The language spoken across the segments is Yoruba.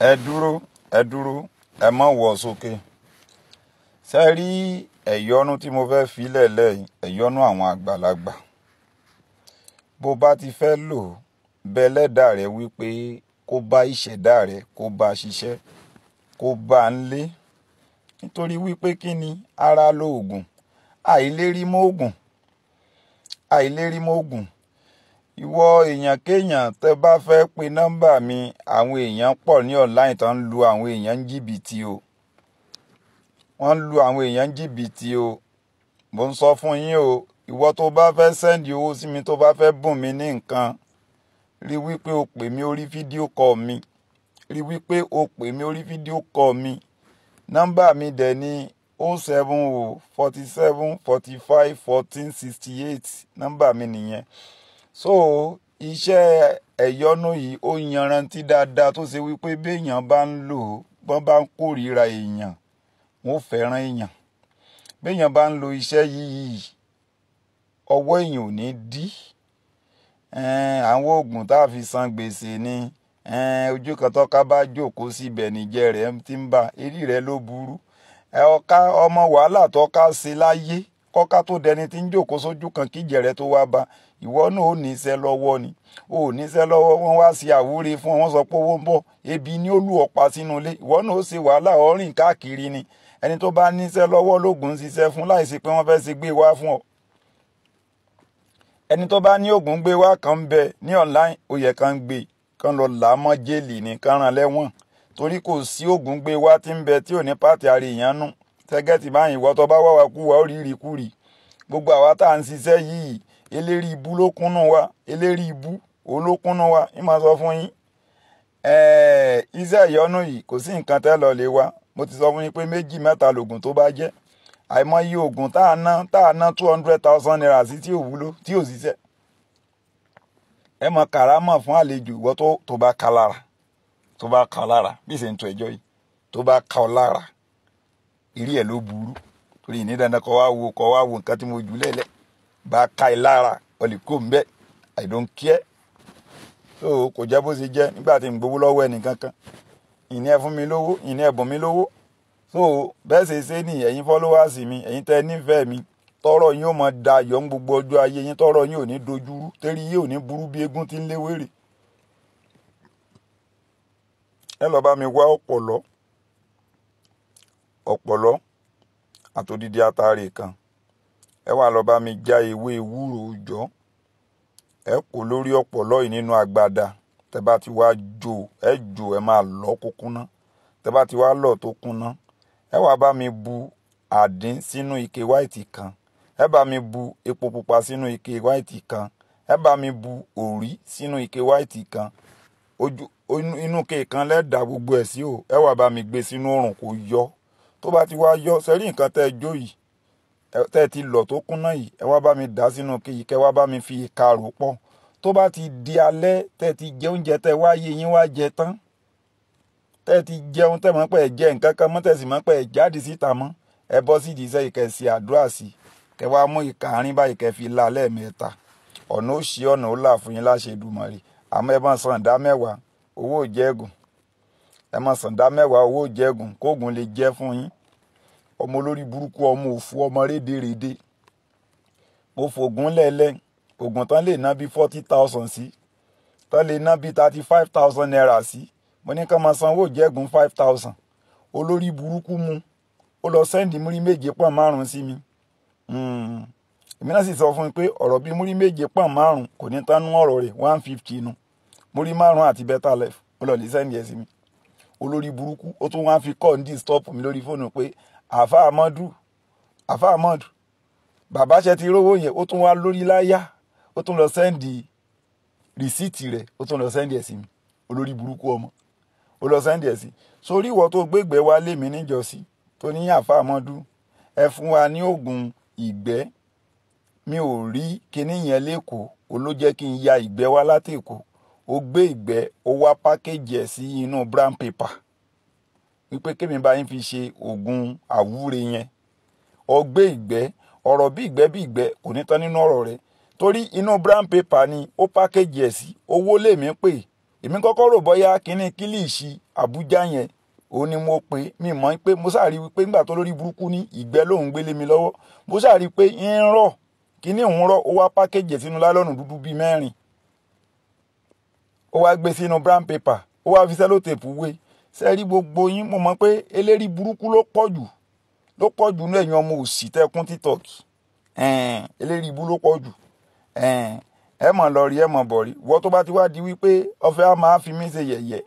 ẹ dúró ẹ dúró ẹ má wọ̀ sókè ṣe rí ẹ̀yọ́nú tí mo fẹ́ fi lẹ̀lẹ̀ ẹ̀yọ́nú àwọn àgbàlagbà bó bá ti fẹ́ lò bẹ́lẹ́dà rẹ wípé kó bá ìṣẹ̀dá rẹ kó bá ṣiṣẹ́ kó bá ń lé nítorí wípé kí ni ara lóògùn àìlérí mọ́ ògùn àìlérí mọ́ ògùn ìwọ èèyàn kéèyàn tẹ́ bá fẹ́ pe nọ́mbà mi àwọn èèyàn pọ̀ ní online tó ń lu àwọn èèyàn ń jìbìtì o wọ́n ń lu àwọn èèyàn ń jìbìtì o mo ń sọ fún yín o ìwọ tó bá fẹ́ sẹ́ndì owó sí mi tó bá fẹ́ bùn mí ní nǹkan rí wípé o pè mí orí fídíò kọ́ mi rí wípé o pè mí orí fídíò kọ́ mi nọ́mbà mi dẹ̀ ni o oh seven o oh forty seven forty five fourteen sixty eight nọ́mbà mi nìyẹn so iṣẹ́ ẹ̀yọ́nú yìí ó yanrantí dáadáa tó ṣe wípé béèyàn bá ń lò ó bọ́n bá ń kórìíra èèyàn wọ́n fẹ́ràn èèyàn béèyàn bá ń lo iṣẹ́ yìí ọwọ́ èèyàn ò ní dí àwọn oògùn tá a fi san gbèsè ni ojú kan tọ́ka bá jókòó síbẹ̀ níjẹ́ rẹ̀ ti ń bà eré rẹ̀ ló burú ọmọ wàhálà tọ́ka ṣe láyé kọ́ká tó dẹni tí ń jókòó sójú kan kíjẹ̀rẹ́ tó wá bá ìwọ náà ò níṣẹ́ lọ́wọ́ ni ò níṣẹ́ lọ́wọ́ wọ́n wá sí àwúre fún wọn sọ pé owó ń bọ̀ ebi ni ó lù ọ̀pá sínú ilé ìwọ náà ó ṣe wàhálà ọ̀rìn káàkiri ni ẹni tó bá níṣẹ́ lọ́wọ́ lóògùn ṣiṣẹ́ fún láìsí pé wọ́n fẹ́ẹ́ ṣe gbé wá fún ọ ẹni tó bá ní oògùn gbé wá kan ń bẹ ní online ó yẹ kan gbé kan lọ là á mọ́ jẹ́ẹ̀lì ní kan ràn lẹ́wọ̀n torí kò tẹ́gẹ́tì báyìí ìwọ tó bá wà wá kú wa ó rí rí kú rí gbogbo àwa tá à ń ṣiṣẹ́ yìí eléri ibú ló kúnnú wa eléri ibú olókúnnú wa ń máa sọ fún yín iṣẹ́ ìyọnu yìí kò sí nǹkan tẹ́ lọ lè wa mo ti sọ fún yín pé méjì mẹ́ta lògùn tó bá jẹ́ àìmọye oògùn tá a ná tá a ná two hundred thousand naira sí tí ò wúlò tí ò ṣiṣẹ́ ẹ mọ kàrámọ̀ fún àlejò ìwọ tó bá ka lára tó bá ka lára bí ṣe ń tọ ẹjọ́ yìí tó bá ka ọ lára ìrí ẹ̀ ló burú torí ìní dandan kọ́ wá wo kọ́ wá wo nǹkan tí mo jù lẹ́lẹ̀ bá ka ẹ lára ọ lè kó mbẹ́ I don't care so kò jẹ́ bó ṣe jẹ́ nígbà tí n gbowó lọ́wọ́ ẹnìkan kan ìní ẹ fún mi lówó ìní ẹ bùn mi lówó so bẹ́ẹ̀ ṣe ṣe ni ẹ̀yin followers mi ẹ̀yin tẹ́ nífẹ̀ẹ́ mi tọrọ yín ó mọ da yọ ń gbogbo ọjọ́ ayé yín tọrọ yín ò ní dojúrú torí yín ò ní burú bí eégún tí ń léwèrè ẹ lọ bá mi wá ọ̀pọ̀lọ́ ọ̀pọ̀lọ́ àtòdìdí atare kan ẹ wá lọ bá mi já ewé ewúro jọ ẹ kó lórí ọ̀pọ̀lọ́ yìí nínú agbada tẹ bá ti wá jò ẹ jò ẹ máa lọ kó kúnná tẹ bá ti wá lọ tó kúnná ẹ wá bá mi bu àdín sínú ike wáìtì kan ẹ bá mi bu epo pupa sínú ike wáìtì kan ẹ bá mi bu òrí sínú ike wáìtì kan ojú inú ike kan gbogbo ẹ̀ sí o ẹ wá bá mi gbé sínú òrùn kó yọ tó bá ti wá yọ sẹ́rí nǹkan tẹ́ ẹ jó yìí tẹ́ ẹ ti lọ̀ tó kúnná yìí ẹ wá bá mi dà sínú kíyì kẹ́ wá bá mi fi ìka rò pọ̀ tó bá ti di alẹ́ tẹ́ ẹ ti jẹ oúnjẹ tẹ́ ẹ wá yé yín wá jẹ tán tẹ́ ẹ ti jẹun tẹ́ mọ́ pẹ́ ẹ jẹ nǹkan kan mọ́ tẹ́ sì mọ́ pẹ́ ẹ jáde síta mọ́ ẹ bọ́ sí ìdí iṣẹ́ ìkẹ́ sí àdúrà sí kẹ́ wá mú ìkàárín báyìí kẹ́ fi la lẹ́ẹ̀mẹ́ta ọ̀nà ó ṣí ọ̀nà ó là fún yín láṣẹ Èdùmàrè àmọ́ ẹ bá ń san mẹ́wàá owó ò jẹ́gùn ẹ máa san dá mẹ́wàá owó jẹ́gùn kóògùn lè jẹ́ fún yín ọmọ olórí burúkú ọmọ òfu ọmọ rédèrèdè mo fògùn lẹ́lẹ́ ògùn tán lè ná bí forty thousand sí tán lè ná bí thirty five thousand naira sí mo ní ká máa sanwó jẹ́gùn five thousand olórí burúkú mu ó lọ sẹ́ndì múrí méje pọ̀n márùn-ún sí mi hmm. èmi náà sì sọ fún mi pé ọ̀rọ̀ bíi múrí méje pọ̀n márùn-ún kò ní tánú ọ̀rọ̀ rẹ̀ one fifty nu múrí márùn-ún àti better life ó lọ lè sẹ́ndì ẹ̀ sí mi olórí burúkú ó tún wá fi kọ́ ndí stop mi lórí fóònù pé àfa amadu àfa amadu bàbá ṣe ti rówó yẹn ó tún wá lórí láyà ó tún lọ sẹ́ndì rìsíìtì rẹ̀ ó tún lọ sẹ́ndì ẹ̀ sí mi olórí burúkú ọmọ ó lọ sẹ́ndì ẹ̀ sí sórí ìwọ tó gbégbé wá lé mi níjọ́sí tó ní àfa amadu ẹ fún wa ní oògùn ìgbẹ́ mi ò rí kinní yẹn lẹ́kọ̀ọ́ ó ló jẹ́ kí n ya ìgbẹ́ wá látẹ̀kọ̀ọ́ ó gbé ìgbẹ́ ó wá pákéjì ẹ̀ sí inú brown paper wípé kémi bá yín fi ṣe oògùn àwúre yẹn ó gbé ìgbẹ́ ọ̀rọ̀ bí ìgbẹ́ bí ìgbẹ́ kò ní tán nínú ọ̀rọ̀ rẹ̀ torí inú brown paper ni ó pákéjì ẹ̀ sí owó lèmi pè èmi kọ́kọ́ rò bọ́yá kínní kílìṣì àbújá yẹn ó ní mo pè mí mọ̀ pé mo sáà rí i pé nígbà tó lórí burúkú ní ìgbẹ́ lòún gbélé mi lọ́wọ́ mo sáà rí i pé ń rọ̀ kíní òun rọ̀ ó wá pákéjì sínú lálọ́nù dúdú bíi mẹ́rin ó wá gbé sínú brown paper ó wá fi sẹ́lótèpù wé sẹ́rí gbogbo yín mo mọ̀ pé eléri burúkú ló pọ̀ jù ló pọ̀ jù ní ẹ̀yin ọmọ òsì tẹkún tiktok eléri ibú ló pọ̀ jù ẹ mọ̀ lọ rí ẹ mọ̀ bọ̀ rí wọ́n tó bá ti wá di wípé ọ̀fẹ́ á máa fi mí ṣe yẹ̀yẹ́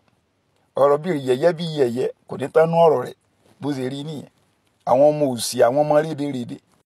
ọ̀rọ̀ bíi yẹ̀yẹ́ bíi yẹ̀yẹ́ kò ní tánú ọ̀rọ̀ rẹ̀ bó ṣe rí nìyẹn àwọn ọmọ òsì àwọn ọmọ rédèrèdè